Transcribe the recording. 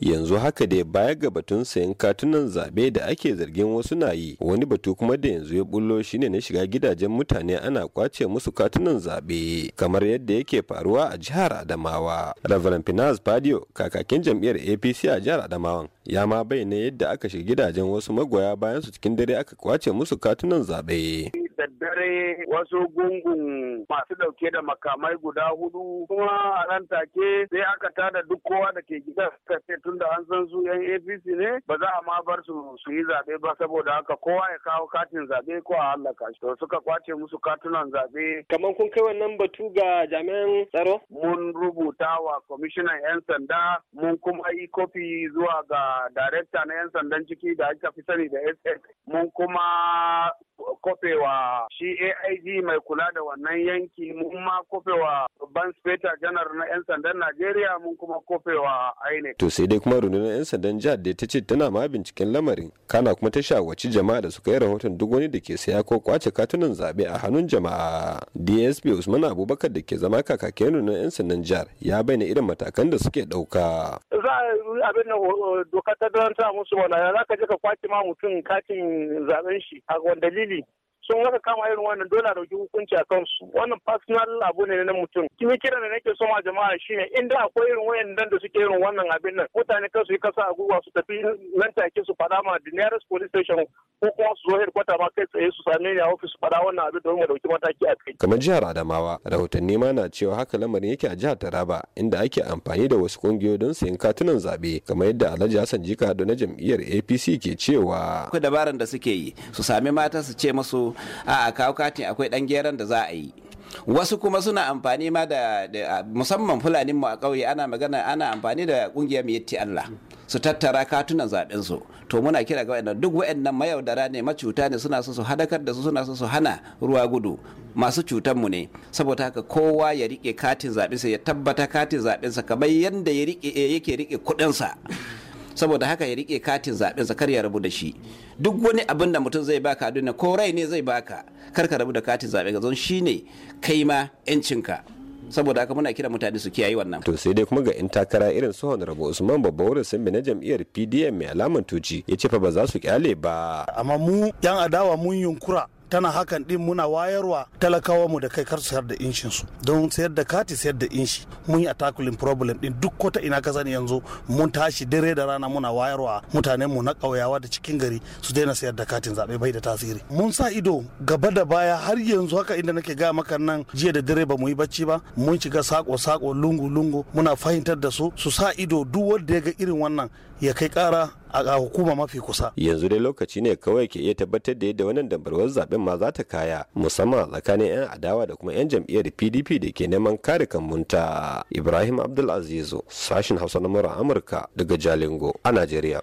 yanzu haka dai baya ga batun sayan katunan zabe da ake zargin wasu na yi wani batu kuma da yanzu ya bullo shine na shiga gidajen mutane ana kwace musu katunan zabe kamar yadda yake faruwa a jihar adamawa reverend finance padio kakakin jam'iyyar apc a jihar adamawan ya ma bayyana yadda aka shiga gidajen wasu magoya bayan su cikin dare aka kwace musu katunan zabe dare wasu gungun masu dauke da makamai guda hudu kuma a nan take sai aka tada duk kowa da ke gida suka ce tun da an san su yan APC ne ba za a ma bar su su yi zaɓe ba saboda haka kowa ya kawo katin zaɓe ko a hallaka shi to suka kwace musu katunan zaɓe. Kamar kun kai wannan batu ga jami'an tsaro? Mun rubuta wa kwamishinan 'yan sanda mun kuma yi kofi zuwa ga darekta na 'yan sandan ciki da aka fi sani da SS mun kuma kofewa shi AIG mai kula da wannan yanki mun ma kofewa babban speta janar na 'yan sandan Najeriya mun kuma kofewa INEC. To sai dai kuma rundunar 'yan sandan jihar da ta ce tana ma binciken lamarin. Kana kuma ta shawarci jama'a da suka yi rahoton duk wani da ke saya ko kwace katunan zaɓe a hannun jama'a. DSP Usman Abubakar da ke zama kakakin rundunar 'yan sandan jihar ya bayyana irin matakan da suke ɗauka. Za a abin da dokar ta don musu wani za ka je ka kwace ma mutum katin zaben shi a wani dalili sun haka kama irin wannan dole a dauki hukunci a kansu wannan personal abu ne na mutum kimi kira da nake so ma jama'a shine inda akwai irin wayan nan da suke irin wannan abin nan mutane kan su yi kasa a guguwa su tafi nan take su fada ma the nearest police station ko kuma su zo ma kai tsaye su sami ne a ofis faɗa wannan abin domin ya dauki mataki a kai kamar jihar Adamawa rahotanni ma na cewa haka lamarin yake a jihar Taraba inda ake amfani da wasu kungiyoyi don sayan katunan zabe kamar yadda Alhaji Hassan Jika na jam'iyyar APC ke cewa akwai dabaran da suke yi su sami mata su ce masu a'a kawo katin akwai dan geran da za a yi wasu kuma suna amfani ma da musamman fulanin mu a ƙauye ana magana ana amfani da kungiyar mai Allah su tattara katunan zaɓen su to muna kira ga waɗannan duk waɗannan mayaudara ne macuta ne suna so su hadakar da su suna so su hana ruwa gudu masu cutan mu ne saboda haka kowa ya rike katin zaɓen sa ya tabbata katin zaɓen sa kamar yanda ya rike eh, yake rike kuɗin sa saboda haka ya rike katin zaɓen sa kar ya rabu da shi duk wani abin da mutum zai baka a duniya ko rai ne zai baka kar ka rabu da katin zaɓen ka zon shine kai ma 'yancinka saboda haka muna kira mutane su kiyaye wannan to sai dai kuma ga yan takara irin su honorable usman babba wurin sanbe na jam'iyyar pdm mai alaman tuci ya ce fa ba za su kyale ba amma mu yan adawa mun yunkura tana hakan din muna wayarwa talakawa mu da kai kar sayar da inshin su don sayar da kati sayar da inshi mun yi takulin problem din duk kota ina ka sani yanzu mun tashi dare da rana muna wayarwa mutanen mu na kauyawa da cikin gari su daina sayar da katin zaɓe bai da tasiri mun sa ido gaba da baya har yanzu haka inda nake ga maka nan jiya da dare ba mu yi bacci ba mun shiga sako sako lungu lungu muna fahimtar da su su sa ido duk wanda ya ga irin wannan ya kai kara. a hukuma mafi kusa yanzu dai lokaci ne kawai ke iya tabbatar da yadda wannan dambarwar zaben ma za ta kaya musamman tsakanin 'yan adawa da kuma 'yan jam'iyyar pdp da ke neman kare bunta. ibrahim abdulaziz sashin hausa na amurka daga jalingo a najeriya